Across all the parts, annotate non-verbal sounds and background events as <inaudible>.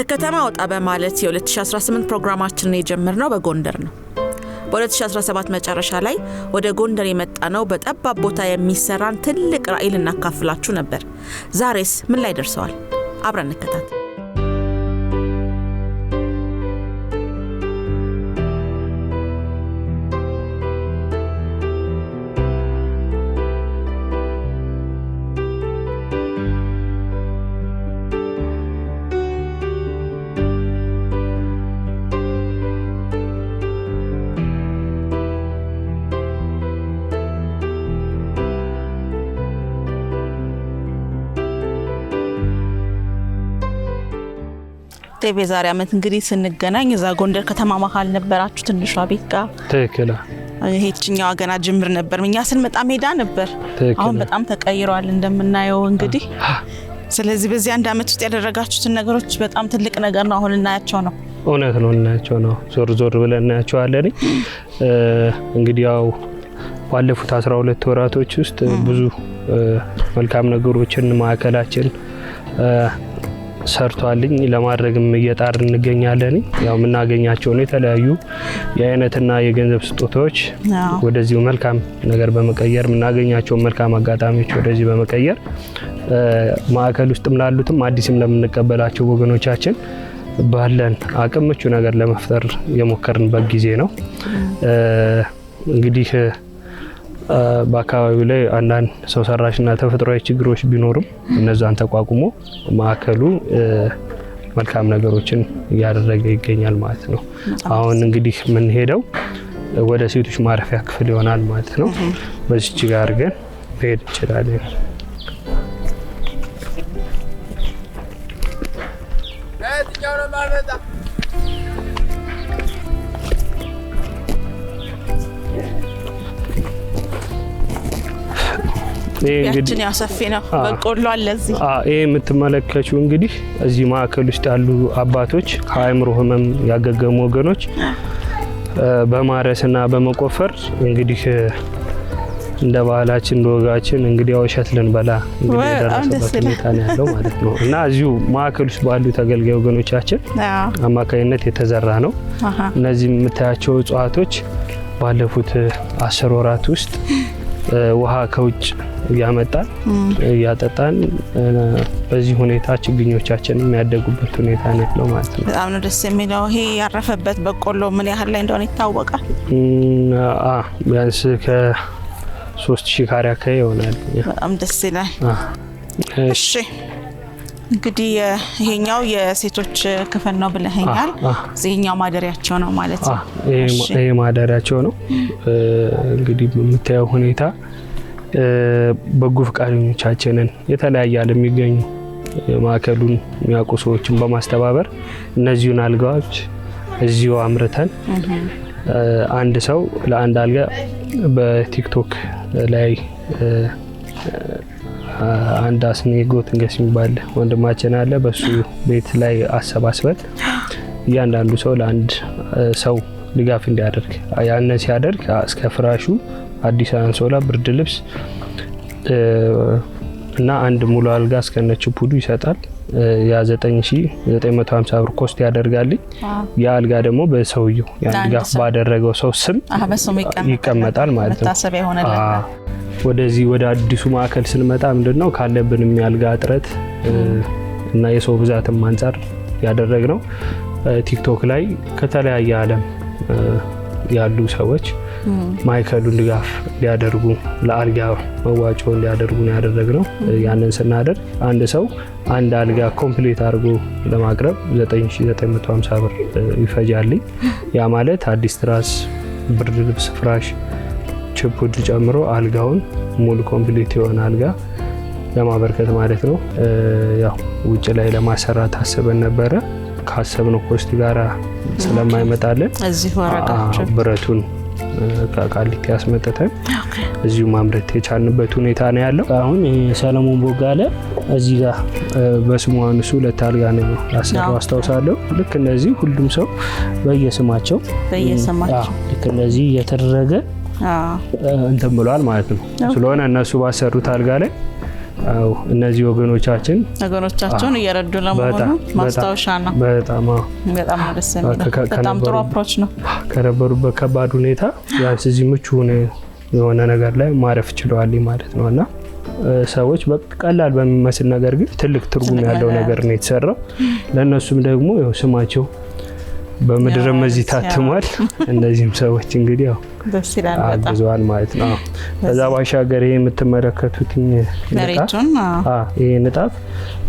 ከከተማ ወጣ በማለት የ2018 ፕሮግራማችንን የጀመርነው በጎንደር ነው። በ2017 መጨረሻ ላይ ወደ ጎንደር የመጣ ነው በጠባብ ቦታ የሚሰራን ትልቅ ራዕይ ልናካፍላችሁ ነበር። ዛሬስ ምን ላይ ደርሰዋል? አብረን እንከታተል። ቴቤ ዛሬ አመት እንግዲህ ስንገናኝ እዛ ጎንደር ከተማ መሀል ነበራችሁ ትንሿ ቤት ጋር ትክክል። ይሄችኛዋ ገና ጅምር ነበር። እኛ ስንመጣ ሜዳ ነበር። አሁን በጣም ተቀይሯል እንደምናየው እንግዲህ። ስለዚህ በዚህ አንድ አመት ውስጥ ያደረጋችሁትን ነገሮች በጣም ትልቅ ነገር ነው። አሁን እናያቸው ነው። እውነት ነው፣ እናያቸው ነው። ዞር ዞር ብለን እናያቸዋለን። እንግዲህ ያው ባለፉት 12 ወራቶች ውስጥ ብዙ መልካም ነገሮችን ማዕከላችን ሰርቷልኝ ለማድረግም እየጣር እንገኛለን። ያው ነው የተለያዩ የአይነትና የገንዘብ ስጦታዎች ወደዚሁ መልካም ነገር በመቀየር የምናገኛቸውን መልካም አጋጣሚዎች ወደዚህ በመቀየር ማዕከል ውስጥም ላሉትም አዲስም ለምንቀበላቸው ወገኖቻችን ባለን አቅም ምቹ ነገር ለመፍጠር የሞከርንበት ጊዜ ነው እንግዲህ በአካባቢው ላይ አንዳንድ ሰው ሰራሽና ተፈጥሯዊ ችግሮች ቢኖሩም እነዛን ተቋቁሞ ማዕከሉ መልካም ነገሮችን እያደረገ ይገኛል ማለት ነው። አሁን እንግዲህ የምንሄደው ወደ ሴቶች ማረፊያ ክፍል ይሆናል ማለት ነው። በዚች ጋር ግን መሄድ እንችላለን። ኢትዮጵያችን ያው ነው፣ በቆሎ አለ እዚህ። ይሄ የምትመለከችው እንግዲህ እዚህ ማዕከል ውስጥ ያሉ አባቶች ከአእምሮ ህመም ያገገሙ ወገኖች በማረስና በመቆፈር እንግዲህ እንደ ባህላችን እንደ ወጋችን እንግዲህ እሸት ልንበላ እንግዲህ የደረሰበት ሁኔታ ነው ያለው ማለት ነው። እና እዚሁ ማዕከል ውስጥ ባሉ ተገልጋይ ወገኖቻችን አማካኝነት የተዘራ ነው። እነዚህ የምታያቸው እጽዋቶች ባለፉት አስር ወራት ውስጥ ውሃ ከውጭ እያመጣን እያጠጣን በዚህ ሁኔታ ችግኞቻችን የሚያደጉበት ሁኔታ ነው ማለት ነው። በጣም ነው ደስ የሚለው። ይሄ ያረፈበት በቆሎ ምን ያህል ላይ እንደሆነ ይታወቃል? ቢያንስ ከሶስት ሺህ ካሬ አካባቢ ይሆናል። በጣም ደስ ይላል። እሺ እንግዲህ ይሄኛው የሴቶች ክፍል ነው ብለኸኛል። ይሄኛው ማደሪያቸው ነው ማለት ነው። ይሄ ማደሪያቸው ነው። እንግዲህ በምታየው ሁኔታ በጎ ፈቃደኞቻችንን የተለያየ ዓለም የሚገኙ ማዕከሉን የሚያውቁ ሰዎችን በማስተባበር እነዚሁን አልጋዎች እዚሁ አምርተን አንድ ሰው ለአንድ አልጋ በቲክቶክ ላይ አንድ አስኔ ጎትንገስ የሚባል ወንድማችን አለ። በሱ ቤት ላይ አሰባስበን እያንዳንዱ ሰው ለአንድ ሰው ድጋፍ እንዲያደርግ ያንን ሲያደርግ እስከ ፍራሹ አዲስ አንሶላ፣ ብርድ ልብስ እና አንድ ሙሉ አልጋ እስከነች ፑዱ ይሰጣል። ያ 9950 ብር ኮስት ያደርጋልኝ። ያ አልጋ ደግሞ በሰውየው ያን ድጋፍ ባደረገው ሰው ስም ይቀመጣል ማለት ነው። ወደዚህ ወደ አዲሱ ማዕከል ስንመጣ ምንድን ነው ካለብንም የአልጋ እጥረት እና የሰው ብዛትም አንጻር ያደረግ ነው ቲክቶክ ላይ ከተለያየ ዓለም ያሉ ሰዎች ማዕከሉን ድጋፍ ሊያደርጉ ለአልጋ መዋጮ ሊያደርጉ ነው ያደረግነው። ያንን ስናደርግ አንድ ሰው አንድ አልጋ ኮምፕሌት አድርጎ ለማቅረብ 9950 ብር ይፈጃልኝ። ያ ማለት አዲስ ትራስ፣ ብርድ ልብስ፣ ፍራሽ ቺፑድ ጨምሮ አልጋውን ሙሉ ኮምፕሊት የሆነ አልጋ ለማበርከት ማለት ነው። ያው ውጭ ላይ ለማሰራት አስበን ነበረ ካሰብነው ኮስት ጋር ስለማይመጣለን ብረቱን ከቃሊቲ ያስመጥተን እዚሁ ማምረት የቻልንበት ሁኔታ ነው ያለው። አሁን ሰለሞን ቦጋለ እዚህ ጋር በስሙ አንሱ ሁለት አልጋ ነው ያሰራው አስታውሳለሁ። ልክ እነዚህ ሁሉም ሰው በየስማቸው ልክ እነዚህ እየተደረገ እንትን ብሏል ማለት ነው። ስለሆነ እነሱ ባሰሩት አልጋ ላይ አዎ እነዚህ ወገኖቻችን ወገኖቻቸውን እየረዱ ለመሆኑ ማስታወሻ ነው። በጣም በጣም ደስ የሚለው በጣም ጥሩ አፕሮች ነው። ከነበሩበት ከባድ ሁኔታ ቢያንስ እዚህ ምቹ የሆነ ነገር ላይ ማረፍ ችለዋል ማለት ነው እና ሰዎች በቀላል በሚመስል ነገር ግን ትልቅ ትርጉም ያለው ነገር ነው የተሰራው። ለእነሱም ደግሞ ስማቸው በምድርም እዚህ ታትሟል። እነዚህም ሰዎች እንግዲህ ያው ደስ ማለት ነው። ከዛ ባሻገር ይሄ የምትመለከቱት ይሄ ንጣፍ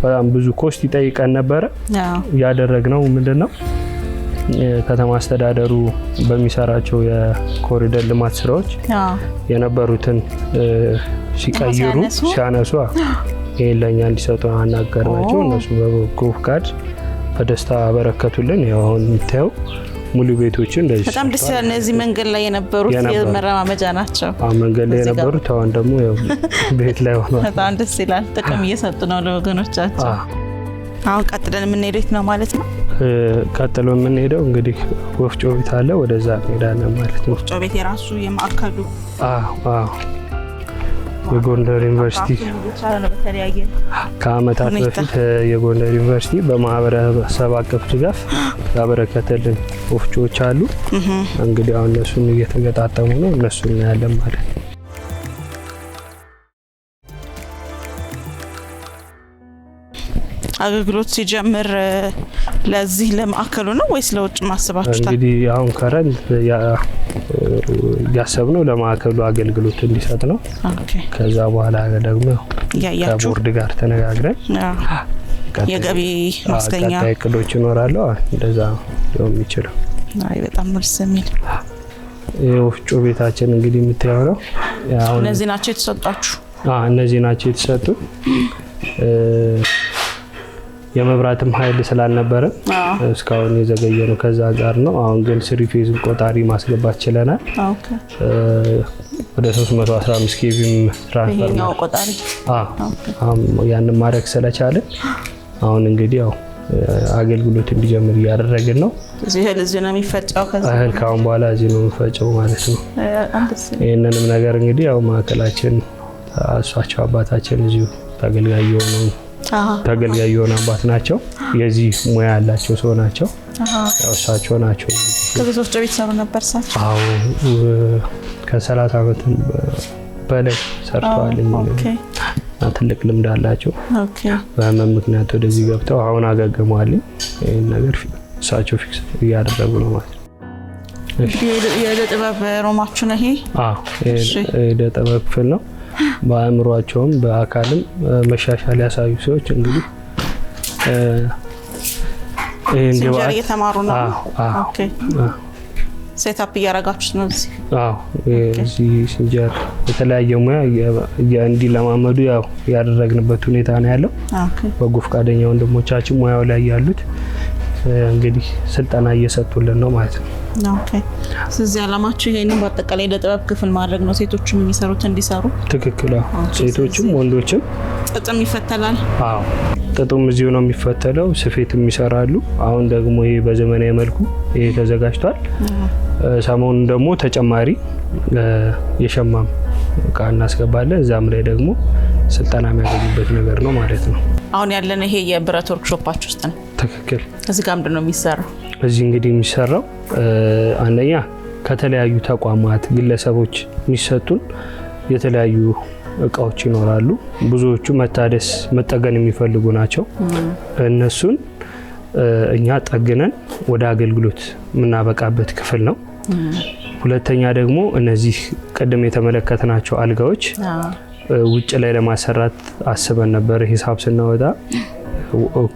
በጣም ብዙ ኮስት ይጠይቀን ነበረ። ያደረግነው ምንድን ነው ከተማ አስተዳደሩ በሚሰራቸው የኮሪደር ልማት ስራዎች የነበሩትን ሲቀይሩ ሲያነሱ ይሄን ለእኛ እንዲሰጡ አናገር ናቸው እነሱ በበጎ ፍቃድ በደስታ አበረከቱልን። ያው አሁን የምታየው ሙሉ ቤቶች እንደዚህ በጣም ደስ ይላል። እነዚህ መንገድ ላይ የነበሩት የመረማመጃ ናቸው። መንገድ ላይ የነበሩት አሁን ደግሞ ቤት ላይ ሆኗል። በጣም ደስ ይላል። ጥቅም እየሰጡ ነው ለወገኖቻቸው። አሁን ቀጥለን የምንሄደው የት ነው ማለት ነው? ቀጥሎ የምንሄደው እንግዲህ ወፍጮ ቤት አለ፣ ወደዛ እንሄዳለን ማለት ነው። ወፍጮ ቤት የራሱ የማዕከሉ የጎንደር ዩኒቨርሲቲ ከአመታት በፊት የጎንደር ዩኒቨርሲቲ በማህበረሰብ አቀፍ ድጋፍ ያበረከተልን ወፍጮዎች አሉ። እንግዲህ አሁን እነሱን እየተገጣጠሙ ነው። እነሱ እናያለን ማለት ነው። አገልግሎት ሲጀምር ለዚህ ለማዕከሉ ነው ወይስ ለውጭ ማስባችሁታል? እንግዲህ አሁን ከረንት ያሰብነው ለማዕከሉ አገልግሎት እንዲሰጥ ነው። ከዛ በኋላ ደግሞ ከቦርድ ጋር ተነጋግረን የገቢ ማስገኛ እቅዶች ይኖራሉ። እንደዛ ነው የሚችለው። አይ በጣም መልስ የሚል የወፍጮ ቤታችን እንግዲህ የምታየው ነው። እነዚህ ናቸው የተሰጧችሁ? እነዚህ ናቸው የተሰጡ የመብራትም ኃይል ስላልነበረ እስካሁን የዘገየ ነው። ከዛ አንጻር ነው። አሁን ግን ስሪ ፌዝ ቆጣሪ ማስገባት ችለናል። ወደ 315 ኬቪም ትራንስፈር ያንን ማድረግ ስለቻለን አሁን እንግዲህ ያው አገልግሎት እንዲጀምር እያደረግን ነው። እህል እዚህ ነው የሚፈጨው። እህል ከአሁን በኋላ እዚህ ነው የሚፈጨው ማለት ነው። ይህንንም ነገር እንግዲህ ያው ማዕከላችን እሷቸው አባታችን እዚሁ ተገልጋይ የሆነው ተገልጋይ የሆነ አባት ናቸው። የዚህ ሙያ ያላቸው ሰው ናቸው። እሳቸው ናቸው ከቤቶች ቤት ሰሩ ነበር። እሳቸው ከ30 ዓመት በላይ ሰርተዋል። ትልቅ ልምድ አላቸው። በህመም ምክንያት ወደዚህ ገብተው አሁን አገግመዋል። ይህን ነገር እሳቸው ፊክስ እያደረጉ ነው ማለት ነው። የእደ ጥበብ ሮማችሁ ነው ይሄ? የእደ ጥበብ ክፍል ነው። በአእምሯቸውም በአካልም መሻሻል ያሳዩ ሰዎች እንግዲህ ይህን ግብአት እየተማሩ ነው። ሴታፕ እያረጋችሁ ነው እዚህ? እዚህ ሲንጀር የተለያየ ሙያ እንዲለማመዱ ያው ያደረግንበት ሁኔታ ነው ያለው። በጎ ፈቃደኛ ወንድሞቻችን ሙያው ላይ ያሉት እንግዲህ ስልጠና እየሰጡልን ነው ማለት ነው። ስለዚህ አላማችሁ ይሄንን በአጠቃላይ ለጥበብ ክፍል ማድረግ ነው፣ ሴቶችም የሚሰሩት እንዲሰሩ። ትክክል። ሴቶችም ወንዶችም ጥጥም ይፈተላል። አዎ ጥጡም እዚሁ ነው የሚፈተለው። ስፌትም ይሰራሉ። አሁን ደግሞ ይሄ በዘመናዊ መልኩ ይሄ ተዘጋጅቷል። ሰሞኑን ደግሞ ተጨማሪ የሸማም እቃ እናስገባለን። እዛም ላይ ደግሞ ስልጠና የሚያገኙበት ነገር ነው ማለት ነው። አሁን ያለን ይሄ የብረት ወርክሾፓች ውስጥ ነው። ትክክል። እዚህ ጋር ምንድን ነው የሚሰራው? በዚህ እንግዲህ የሚሰራው አንደኛ ከተለያዩ ተቋማት ግለሰቦች የሚሰጡን የተለያዩ እቃዎች ይኖራሉ። ብዙዎቹ መታደስ መጠገን የሚፈልጉ ናቸው። እነሱን እኛ ጠግነን ወደ አገልግሎት የምናበቃበት ክፍል ነው። ሁለተኛ ደግሞ እነዚህ ቅድም የተመለከትናቸው አልጋዎች ውጭ ላይ ለማሰራት አስበን ነበር ሂሳብ ስናወጣ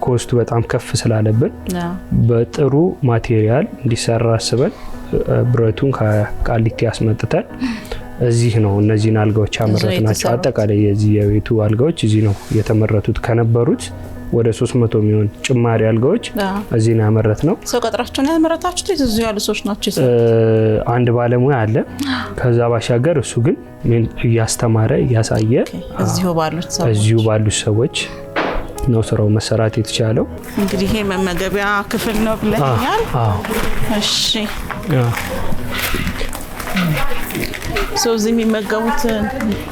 ኮስቱ በጣም ከፍ ስላለብን በጥሩ ማቴሪያል እንዲሰራ አስበን ብረቱን ከቃሊቲ ያስመጥተን እዚህ ነው እነዚህን አልጋዎች ያመረት ናቸው። አጠቃላይ የዚህ የቤቱ አልጋዎች እዚህ ነው የተመረቱት ከነበሩት ወደ 300 የሚሆን ጭማሪ አልጋዎች እዚህ ነው ያመረት ነው። ሰው ቀጥራቸውን ያመረታችሁት? እዚሁ ያሉ ሰዎች ናቸው? አንድ ባለሙያ አለ። <gasps> ከዛ ባሻገር እሱ ግን እያስተማረ እያሳየ እዚሁ ባሉት ሰዎች ነው ስራው መሰራት የተቻለው። እንግዲህ ይሄ መመገቢያ ክፍል ነው ብለኛል። እሺ ሰው እዚህ የሚመገቡት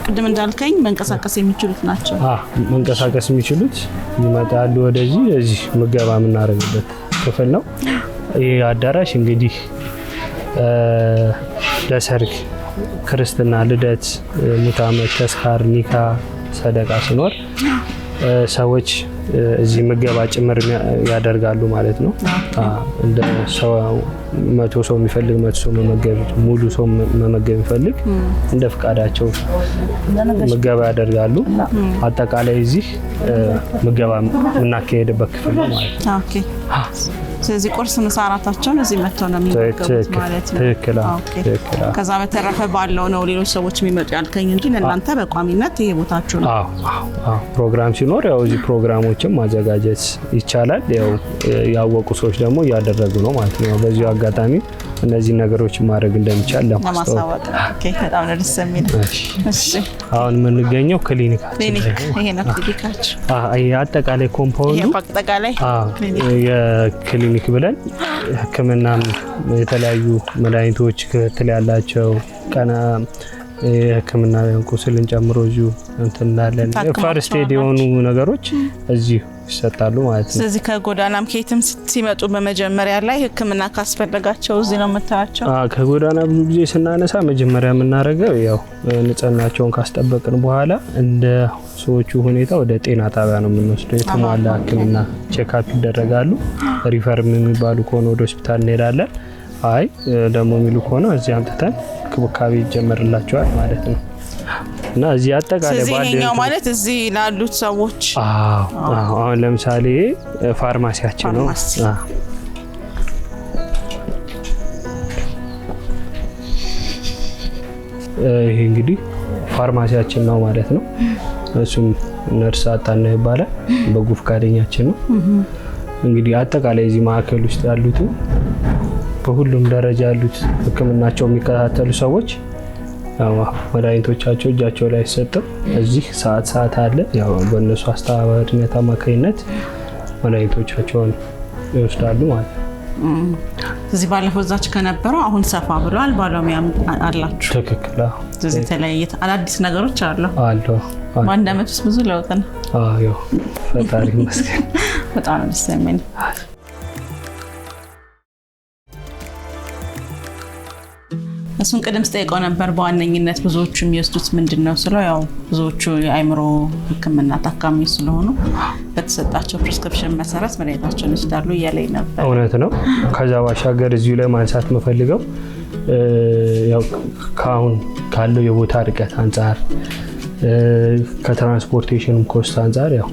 ቅድም እንዳልከኝ መንቀሳቀስ የሚችሉት ናቸው። መንቀሳቀስ የሚችሉት ይመጣሉ ወደዚህ እዚህ ምገባ የምናደርግበት ክፍል ነው። ይህ አዳራሽ እንግዲህ ለሰርግ፣ ክርስትና፣ ልደት፣ ሙት ዓመት፣ ተስካር፣ ኒካ፣ ሰደቃ ሲኖር ሰዎች እዚህ ምገባ ጭምር ያደርጋሉ ማለት ነው። እንደ ሰው መቶ ሰው የሚፈልግ መቶ ሰው መመገብ ሙሉ ሰው መመገብ የሚፈልግ እንደ ፍቃዳቸው ምገባ ያደርጋሉ። አጠቃላይ እዚህ ምገባ የምናካሄድበት ክፍል ማለት ነው። ስለዚህ ቁርስ፣ ምሳ፣ እራታቸውን እዚህ መጥተው ነው የሚመገቡት ማለት ነው። ከዛ በተረፈ ባለው ነው ሌሎች ሰዎች የሚመጡ ያልከኝ እንጂ ለእናንተ በቋሚነት ይሄ ቦታችሁ ነው። ፕሮግራም ሲኖር ያው እዚህ ፕሮግራሞችን ማዘጋጀት ይቻላል። ያው ያወቁ ሰዎች ደግሞ እያደረጉ ነው ማለት ነው። በዚሁ አጋጣሚ እነዚህ ነገሮች ማድረግ እንደሚቻል ለማስታወቅ በጣም የምንገኘው ክሊኒክ አጠቃላይ ኮምፓውንዱ የክሊኒክ ብለን ሕክምናም የተለያዩ መድኃኒቶች ክትል ያላቸው ቀና የህክምና ቁስልን ጨምሮ እዚሁ እንትን እንዳለን ፈርስት ኤድ የሆኑ ነገሮች እዚሁ ይሰጣሉ ማለት ነው። ስለዚህ ከጎዳናም ከየትም ሲመጡ በመጀመሪያ ላይ ሕክምና ካስፈለጋቸው እዚህ ነው የምታያቸው። ከጎዳና ብዙ ጊዜ ስናነሳ መጀመሪያ የምናደርገው ያው ንጽህናቸውን ካስጠበቅን በኋላ እንደ ሰዎቹ ሁኔታ ወደ ጤና ጣቢያ ነው የምንወስደው። የተሟላ ሕክምና ቼካፕ ይደረጋሉ። ሪፈርም የሚባሉ ከሆነ ወደ ሆስፒታል እንሄዳለን። አይ ደግሞ የሚሉ ከሆነ እዚህ አምጥተን ክብካቤ ይጀመርላቸዋል ማለት ነው። እና እዚህ አጠቃላይ ይሄኛው ማለት እዚህ ላሉት ሰዎች አሁን ለምሳሌ ፋርማሲያችን ነው። ይሄ እንግዲህ ፋርማሲያችን ነው ማለት ነው። እሱም ነርስ አጣና ይባላል። በጎ ፈቃደኛችን ነው። እንግዲህ አጠቃላይ እዚህ ማዕከል ውስጥ ያሉት በሁሉም ደረጃ ያሉት ሕክምናቸው የሚከታተሉ ሰዎች መድኃኒቶቻቸው እጃቸው ላይ አይሰጥም። እዚህ ሰዓት ሰዓት አለ። ያው በእነሱ አስተባባሪነት አማካኝነት መድኃኒቶቻቸውን ይወስዳሉ ማለት ነው። እዚህ ባለፈው እዛች ከነበረው አሁን ሰፋ ብለዋል። ባለሙያም አላችሁ። ትክክል። እዚህ የተለያየ አዳዲስ ነገሮች አሉ አሉ። በአንድ አመት ውስጥ ብዙ ለውጥ ነው። ፈጣሪ ይመስገን። በጣም ደስ የሚል እሱን ቅድም ስጠይቀው ነበር። በዋነኝነት ብዙዎቹ የሚወስዱት ምንድን ነው ስለው ያው ብዙዎቹ የአይምሮ ህክምና ታካሚ ስለሆኑ በተሰጣቸው ፕሪስክሪፕሽን መሰረት መድኃኒታቸውን ይወስዳሉ እያለኝ ነበር። እውነት ነው። ከዛ ባሻገር እዚሁ ላይ ማንሳት የምፈልገው ያው ከአሁን ካለው የቦታ ርቀት አንጻር ከትራንስፖርቴሽን ኮስት አንጻር ያው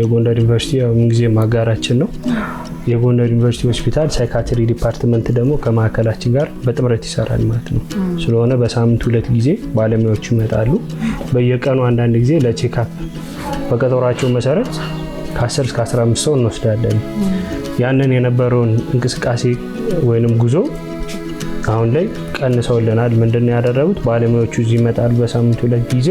የጎንደር ዩኒቨርሲቲ ምንጊዜ ማጋራችን ነው። የጎንደር ዩኒቨርሲቲ ሆስፒታል ሳይካትሪ ዲፓርትመንት ደግሞ ከማዕከላችን ጋር በጥምረት ይሰራል ማለት ነው። ስለሆነ በሳምንት ሁለት ጊዜ ባለሙያዎች ይመጣሉ። በየቀኑ አንዳንድ ጊዜ ለቼካፕ በቀጠሯቸው መሰረት ከ10 እስከ 15 ሰው እንወስዳለን። ያንን የነበረውን እንቅስቃሴ ወይንም ጉዞ አሁን ላይ ቀንሰውልናል። ምንድን ያደረጉት ባለሙያዎቹ እዚህ ይመጣሉ በሳምንት ሁለት ጊዜ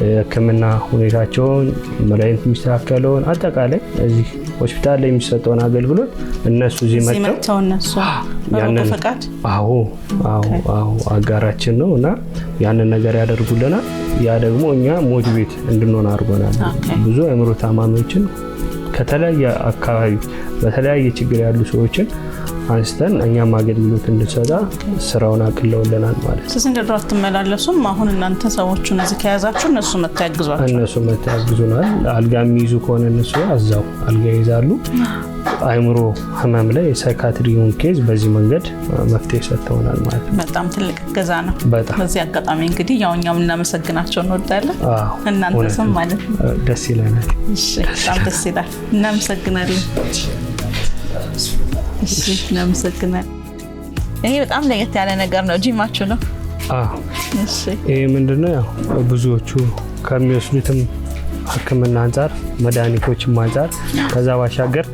ሕክምና ሁኔታቸውን መድኃኒት የሚስተካከለውን አጠቃላይ እዚህ ሆስፒታል ላይ የሚሰጠውን አገልግሎት እነሱ እዚህ መጥተው እነሱ አዎ አዎ አጋራችን ነው እና ያንን ነገር ያደርጉልናል። ያ ደግሞ እኛ ሞቲቬት እንድንሆን አድርጎናል። ብዙ አእምሮ ታማሚዎችን ከተለያየ አካባቢ በተለያየ ችግር ያሉ ሰዎችን አንስተን እኛም አገልግሎት እንድሰጣ ስራውን አቅለውልናል ማለት ነው። ስንት ድረስ አትመላለሱም? አሁን እናንተ ሰዎቹን እዚህ ከያዛችሁ እነሱ መታ ያግዟቸው እነሱ መታ ያግዙናል። አልጋ የሚይዙ ከሆነ እነሱ አዛው አልጋ ይይዛሉ። አይምሮ ህመም ላይ የሳይካትሪውን ኬዝ በዚህ መንገድ መፍትሄ ሰጥተውናል ማለት ነው። በጣም ትልቅ እገዛ ነው። በጣም በዚህ አጋጣሚ እንግዲህ ያው እኛም እናመሰግናቸው እንወዳለን። እናንተ ስም ማለት ነው። ደስ ይለናል። በጣም ደስ ይላል። እናመሰግናለን። ይሄ በጣም ለየት ያለ ነገር ነው። ጂማችሁ ነው? ይህ ምንድነው? ያው ብዙዎቹ ከሚወስዱትም ሕክምና አንጻር መድኃኒቶችም አንጻር ከዛ ባሻገር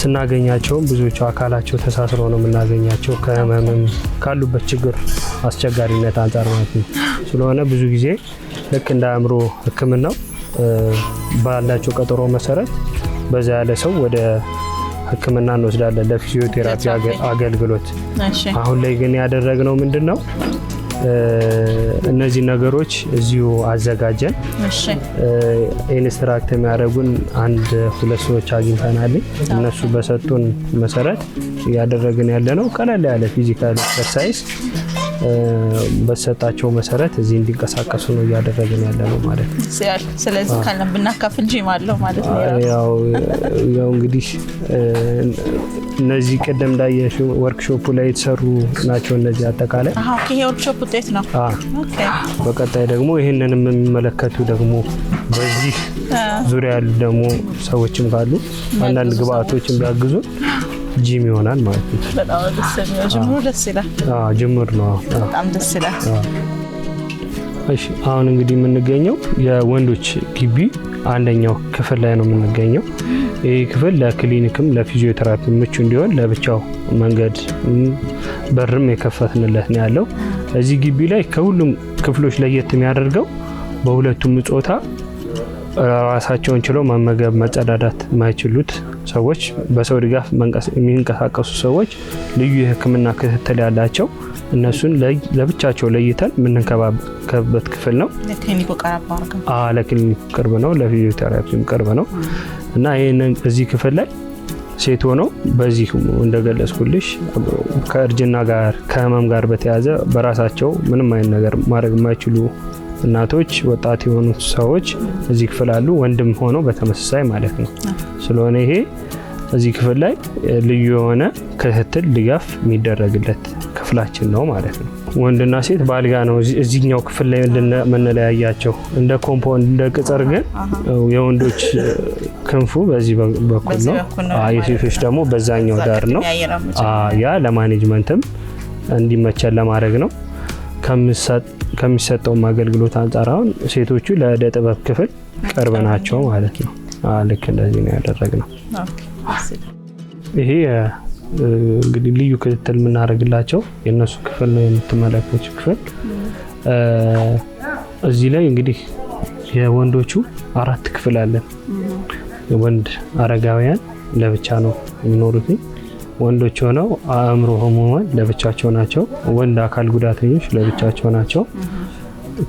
ስናገኛቸውም ብዙዎቹ አካላቸው ተሳስሮ ነው የምናገኛቸው ከህመምም ካሉበት ችግር አስቸጋሪነት አንጻር ማለት ነው። ስለሆነ ብዙ ጊዜ ልክ እንደ አእምሮ ሕክምናው ባላቸው ቀጠሮ መሰረት በዛ ያለ ሰው ወደ ህክምና እንወስዳለን ለፊዚዮቴራፒ አገልግሎት። አሁን ላይ ግን ያደረግነው ምንድን ነው? እነዚህ ነገሮች እዚሁ አዘጋጀን። ኢንስትራክት የሚያደርጉን አንድ ሁለት ሰዎች አግኝተናል። እነሱ በሰጡን መሰረት እያደረግን ያለ ነው ቀለል ያለ ፊዚካል ኤክሰርሳይዝ በሰጣቸው መሰረት እዚህ እንዲንቀሳቀሱ ነው እያደረግን ያለ ነው ማለት ነው። ስለዚህ ብናካፍል ጂም አለው ማለት ነው። ያው እንግዲህ እነዚህ ቅድም ላይ የወርክሾፑ ላይ የተሰሩ ናቸው። እነዚህ አጠቃላይ ይሄ ወርክሾፕ ውጤት ነው። በቀጣይ ደግሞ ይህንንም የሚመለከቱ ደግሞ በዚህ ዙሪያ ያሉ ደግሞ ሰዎችም ካሉ አንዳንድ ግብአቶችን ቢያግዙን ጂም ይሆናል ማለት ነው። በጣም ደስ የሚለው ጅምሩ ደስ ይላል። አዎ ጅምር ነው። በጣም ደስ ይላል። እሺ አሁን እንግዲህ የምንገኘው የወንዶች ግቢ አንደኛው ክፍል ላይ ነው የምንገኘው። ይህ ክፍል ለክሊኒክም ለፊዚዮቴራፒ ምቹ እንዲሆን ለብቻው መንገድ በርም የከፈትንለት ነው ያለው። እዚህ ግቢ ላይ ከሁሉም ክፍሎች ለየት የሚያደርገው በሁለቱም ጾታ ራሳቸውን ችለው መመገብ መጸዳዳት የማይችሉት ሰዎች በሰው ድጋፍ የሚንቀሳቀሱ ሰዎች ልዩ የሕክምና ክትትል ያላቸው እነሱን ለብቻቸው ለይተን የምንንከባከብበት ክፍል ነው። ለክሊኒኩ ቅርብ ነው፣ ለፊዚዮቴራፒም ቅርብ ነው እና ይህንን እዚህ ክፍል ላይ ሴት ሆኖ በዚህ እንደገለጽኩልሽ ከእርጅና ጋር ከህመም ጋር በተያያዘ በራሳቸው ምንም አይነት ነገር ማድረግ የማይችሉ እናቶች፣ ወጣት የሆኑ ሰዎች እዚህ ክፍል አሉ፣ ወንድም ሆነው በተመሳሳይ ማለት ነው። ስለሆነ ይሄ እዚህ ክፍል ላይ ልዩ የሆነ ክትትል፣ ድጋፍ የሚደረግለት ክፍላችን ነው ማለት ነው። ወንድና ሴት በአልጋ ነው እዚህኛው ክፍል ላይ የምንለያያቸው። እንደ ኮምፖንድ እንደ ቅጽር ግን የወንዶች ክንፉ በዚህ በኩል ነው፣ የሴቶች ደግሞ በዛኛው ዳር ነው። ያ ለማኔጅመንትም እንዲመቸን ለማድረግ ነው። ከሚሰጠውም አገልግሎት አንጻር አሁን ሴቶቹ ለእደ ጥበብ ክፍል ቅርብ ናቸው ማለት ነው። ልክ እንደዚህ ነው ያደረግነው። ይሄ እንግዲህ ልዩ ክትትል የምናደርግላቸው የእነሱ ክፍል ነው የምትመለከቱ ክፍል። እዚህ ላይ እንግዲህ የወንዶቹ አራት ክፍል አለን። ወንድ አረጋውያን ለብቻ ነው የሚኖሩትኝ ወንዶች ሆነው አእምሮ ህሙማን ለብቻቸው ናቸው። ወንድ አካል ጉዳተኞች ለብቻቸው ናቸው።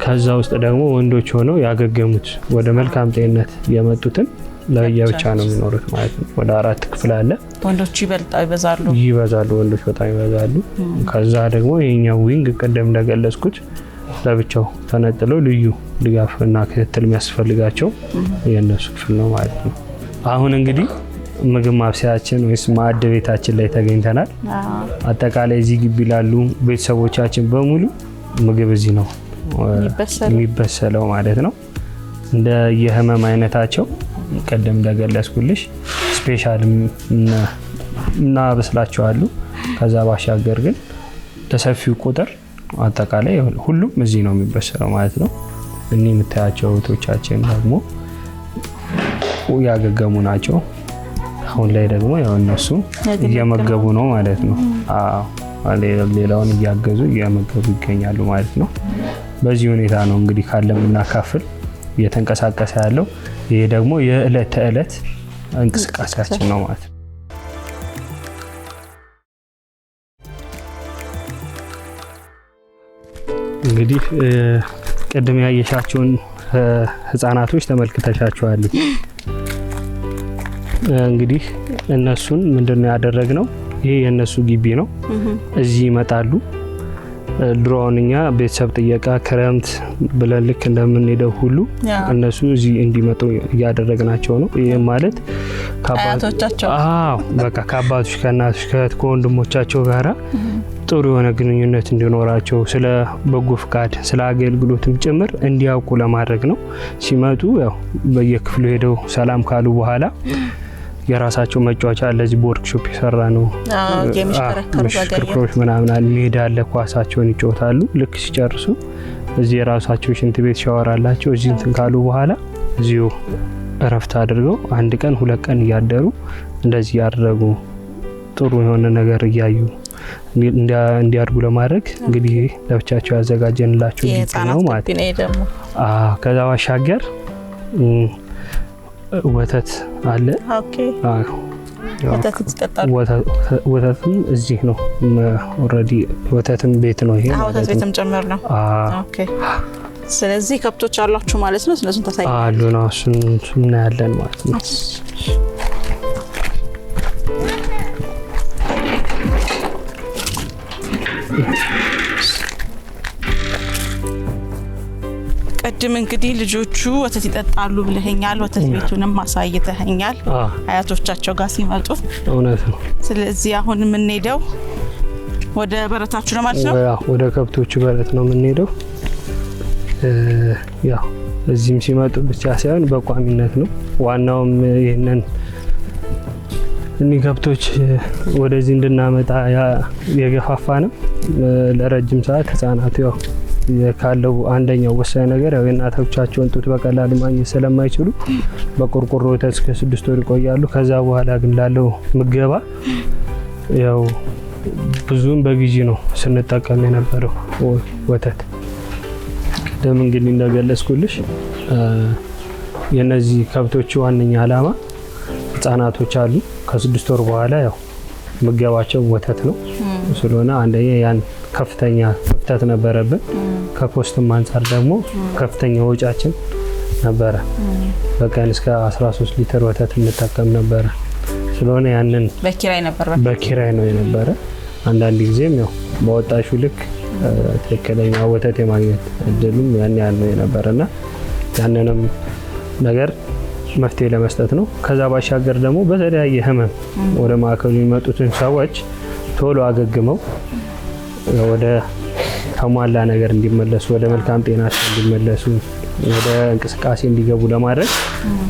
ከዛ ውስጥ ደግሞ ወንዶች ሆነው ያገገሙት ወደ መልካም ጤንነት የመጡትን ለየብቻ ነው የሚኖሩት ማለት ነው። ወደ አራት ክፍል አለ። ወንዶች ይበልጣ ይበዛሉ ይበዛሉ ወንዶች በጣም ይበዛሉ። ከዛ ደግሞ ይሄኛው ዊንግ ቅድም እንደገለጽኩት ለብቻው ተነጥለው ልዩ ድጋፍ እና ክትትል የሚያስፈልጋቸው የእነሱ ክፍል ነው ማለት ነው። አሁን እንግዲህ ምግብ ማብሰያችን ወይስ ማዕድ ቤታችን ላይ ተገኝተናል። አጠቃላይ እዚህ ግቢ ላሉ ቤተሰቦቻችን በሙሉ ምግብ እዚህ ነው የሚበሰለው ማለት ነው። እንደ የህመም አይነታቸው ቀደም እንደገለጽኩልሽ ስፔሻል እናበስላቸዋሉ። ከዛ ባሻገር ግን ተሰፊው ቁጥር አጠቃላይ ሁሉም እዚህ ነው የሚበሰለው ማለት ነው። እኒህ የምታያቸው እህቶቻችን ደግሞ ያገገሙ ናቸው። አሁን ላይ ደግሞ ያው እነሱ እየመገቡ ነው ማለት ነው። ሌላውን እያገዙ እየመገቡ ይገኛሉ ማለት ነው። በዚህ ሁኔታ ነው እንግዲህ ካለ የምናካፍል እየተንቀሳቀሰ ያለው ይሄ ደግሞ የዕለት ተዕለት እንቅስቃሴያችን ነው ማለት ነው። እንግዲህ ቅድም ያየሻቸውን ህፃናቶች ተመልክተሻቸዋል። እንግዲህ እነሱን ምንድን ነው ያደረግነው? ይሄ የእነሱ ግቢ ነው። እዚህ ይመጣሉ። ድሮውን እኛ ቤተሰብ ጥየቃ ክረምት ብለን ልክ እንደምንሄደው ሁሉ እነሱ እዚህ እንዲመጡ እያደረግናቸው ነው። ይህም ማለት በቃ ከአባቶች ከእናቶች ከእህት ከወንድሞቻቸው ጋራ ጥሩ የሆነ ግንኙነት እንዲኖራቸው ስለ በጎ ፍቃድ ስለ አገልግሎትም ጭምር እንዲያውቁ ለማድረግ ነው። ሲመጡ ያው በየክፍሉ ሄደው ሰላም ካሉ በኋላ የራሳቸው መጫወቻ ለዚህ በወርክሾፕ የሰራ ነው የሚሽከረከሩት ምናምን አለ ሜዳ አለ። ኳሳቸውን ይጫወታሉ። ልክ ሲጨርሱ እዚህ የራሳቸው ሽንት ቤት ሻወር እዚህ እንትን ካሉ በኋላ እዚሁ እረፍት አድርገው አንድ ቀን ሁለት ቀን እያደሩ እንደዚህ ያደረጉ ጥሩ የሆነ ነገር እያዩ እንዲያድጉ ለማድረግ እንግዲህ ለብቻቸው ያዘጋጀንላቸው ነው ማለት ነው። ከዛ ባሻገር ወተት አለ። ወተትም እዚህ ነው ኦልሬዲ ወተትም ቤት ነው ይሄ ወተት ቤትም ጭምር ነው። ስለዚህ ከብቶች አሏችሁ ማለት ነው። ስለዚህ ታሳይ አሉ ነው እሱን እናያለን ማለት ነው። Yeah. ቅድም እንግዲህ ልጆቹ ወተት ይጠጣሉ ብልህኛል። ወተት ቤቱንም አሳይተኸኛል አያቶቻቸው ጋር ሲመጡ። እውነት ነው። ስለዚህ አሁን የምንሄደው ወደ በረታችሁ ነው ማለት ነው። ወደ ከብቶቹ በረት ነው የምንሄደው። ያው እዚህም ሲመጡ ብቻ ሳይሆን በቋሚነት ነው። ዋናውም ይህንን እኒህ ከብቶች ወደዚህ እንድናመጣ የገፋፋ ነው። ለረጅም ሰዓት ህጻናቱ ያው ካለው አንደኛው ወሳኝ ነገር ያው የእናቶቻቸውን ጡት በቀላሉ ማግኘት ስለማይችሉ በቆርቆሮ ወተት እስከ ስድስት ወር ይቆያሉ። ከዛ በኋላ ግን ላለው ምገባ ያው ብዙም በግዢ ነው ስንጠቀም የነበረው ወተት። ደም እንግዲህ እንደገለጽኩልሽ የነዚህ ከብቶቹ ዋነኛ ዓላማ ህጻናቶች አሉ ከስድስት ወር በኋላ ያው ምገባቸው ወተት ነው ስለሆነ አንደኛ ያን ከፍተኛ ክፍተት ነበረብን። ከኮስትም አንጻር ደግሞ ከፍተኛ ወጫችን ነበረ። በቀን እስከ 13 ሊትር ወተት እንጠቀም ነበረ። ስለሆነ ያንን በኪራይ ነው የነበረ። አንዳንድ ጊዜም ያው በወጣሹ ልክ ትክክለኛ ወተት የማግኘት እድሉም ያን ያህል ነው የነበረ እና ያንንም ነገር መፍትሄ ለመስጠት ነው። ከዛ ባሻገር ደግሞ በተለያየ ህመም ወደ ማዕከሉ የሚመጡትን ሰዎች ቶሎ አገግመው ወደ የተሟላ ነገር እንዲመለሱ ወደ መልካም ጤናቸው እንዲመለሱ ወደ እንቅስቃሴ እንዲገቡ ለማድረግ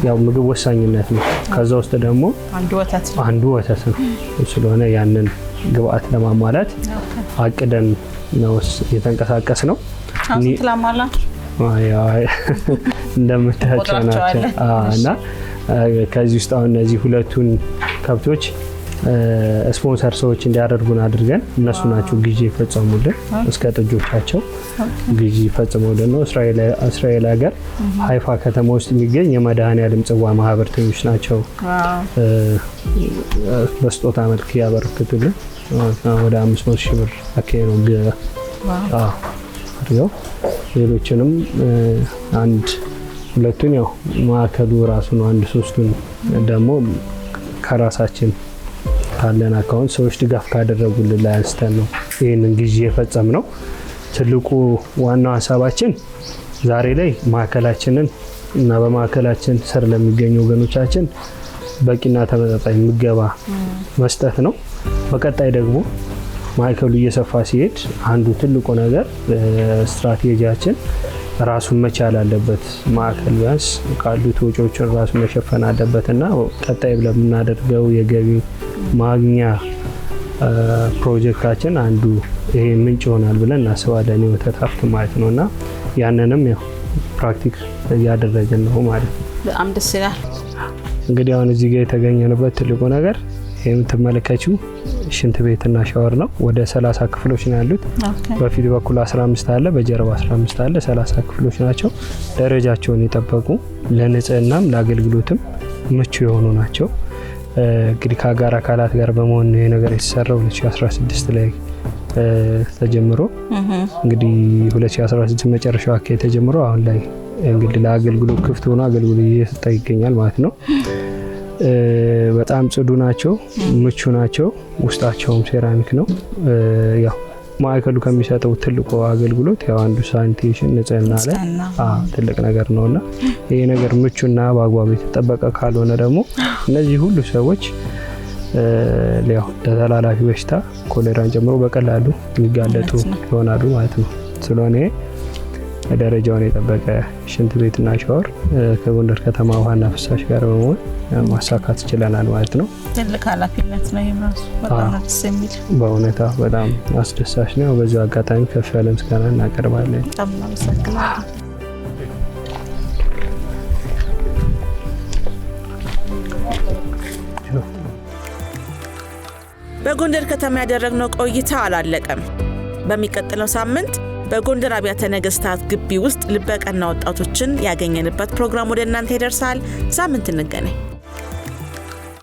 ያው ምግብ ወሳኝነት ነው። ከዛ ውስጥ ደግሞ አንዱ ወተት ነው። ስለሆነ ያንን ግብአት ለማሟላት አቅደን ነው የተንቀሳቀስ ነው። <laughs> እንደምታያቸው ናቸው እና ከዚህ ውስጥ አሁን እነዚህ ሁለቱን ከብቶች ስፖንሰር ሰዎች እንዲያደርጉን አድርገን እነሱ ናቸው ግዢ የፈጸሙልን። እስከ ጥጆቻቸው ግዢ ፈጽመውልን ነው። እስራኤል ሀገር ሀይፋ ከተማ ውስጥ የሚገኝ የመድኃኔዓለም ጽዋ ማህበርተኞች ናቸው በስጦታ መልክ ያበረክቱልን። ወደ 500 ሺህ ብር አካባቢ ነው አድርገው ሌሎችንም አንድ ሁለቱን ያው ማዕከሉ ራሱ ነው። አንድ ሶስቱን ደግሞ ከራሳችን ካለን አካውንት ሰዎች ድጋፍ ካደረጉልን ላይ አንስተን ነው ይህንን ግዢ የፈጸም ነው። ትልቁ ዋናው ሀሳባችን ዛሬ ላይ ማዕከላችንን እና በማዕከላችን ስር ለሚገኙ ወገኖቻችን በቂና ተመጣጣኝ ምገባ መስጠት ነው። በቀጣይ ደግሞ ማዕከሉ እየሰፋ ሲሄድ አንዱ ትልቁ ነገር ስትራቴጂያችን ራሱን መቻል አለበት። ማዕከል ቢያንስ ካሉት ወጪዎችን ራሱ መሸፈን አለበት እና ቀጣይ ለምናደርገው የገቢው ማግኛ ፕሮጀክታችን አንዱ ይሄ ምንጭ ይሆናል ብለን እናስባለን፣ የወተት ሀብት ማለት ነው እና ያንንም ያው ፕራክቲክ እያደረግን ነው ማለት ነው። በጣም ደስ ይላል። እንግዲህ አሁን እዚህ ጋር የተገኘንበት ትልቁ ነገር የምትመለከችው ሽንት ቤትና ሻወር ነው። ወደ 30 ክፍሎች ነው ያሉት። በፊት በኩል 15 አለ፣ በጀርባ 15 አለ። 30 ክፍሎች ናቸው። ደረጃቸውን የጠበቁ ለንጽህናም ለአገልግሎትም ምቹ የሆኑ ናቸው። እንግዲህ ከአጋር አካላት ጋር በመሆን ይሄ ነገር የተሰራው 2016 ላይ ተጀምሮ እንግዲህ 2016 መጨረሻው አካባቢ ተጀምሮ አሁን ላይ እንግዲህ ለአገልግሎት ክፍት ሆኖ አገልግሎት እየሰጠ ይገኛል ማለት ነው። በጣም ጽዱ ናቸው፣ ምቹ ናቸው። ውስጣቸውም ሴራሚክ ነው ያው ማዕከሉ ከሚሰጠው ትልቁ አገልግሎት ያው አንዱ ሳኒቴሽን ንጽህና ላይ ትልቅ ነገር ነው እና ይሄ ነገር ምቹና በአግባቡ የተጠበቀ ካልሆነ ደግሞ እነዚህ ሁሉ ሰዎች ያው ለተላላፊ በሽታ ኮሌራን ጨምሮ በቀላሉ የሚጋለጡ ይሆናሉ ማለት ነው። ስለሆነ ደረጃውን የጠበቀ ሽንት ቤትና ሻወር ከጎንደር ከተማ ውሃና ፍሳሽ ጋር በመሆን ማሳካት ችለናል ማለት ነው። ትልቅ ኃላፊነት ነው በእውነታ በጣም አስደሳች ነው። በዚ አጋጣሚ ከፍ ያለ ምስጋና እናቀርባለን። በጎንደር ከተማ ያደረግነው ቆይታ አላለቀም። በሚቀጥለው ሳምንት በጎንደር አብያተ ነገስታት ግቢ ውስጥ ልበቀና ወጣቶችን ያገኘንበት ፕሮግራም ወደ እናንተ ይደርሳል። ሳምንት እንገናኝ።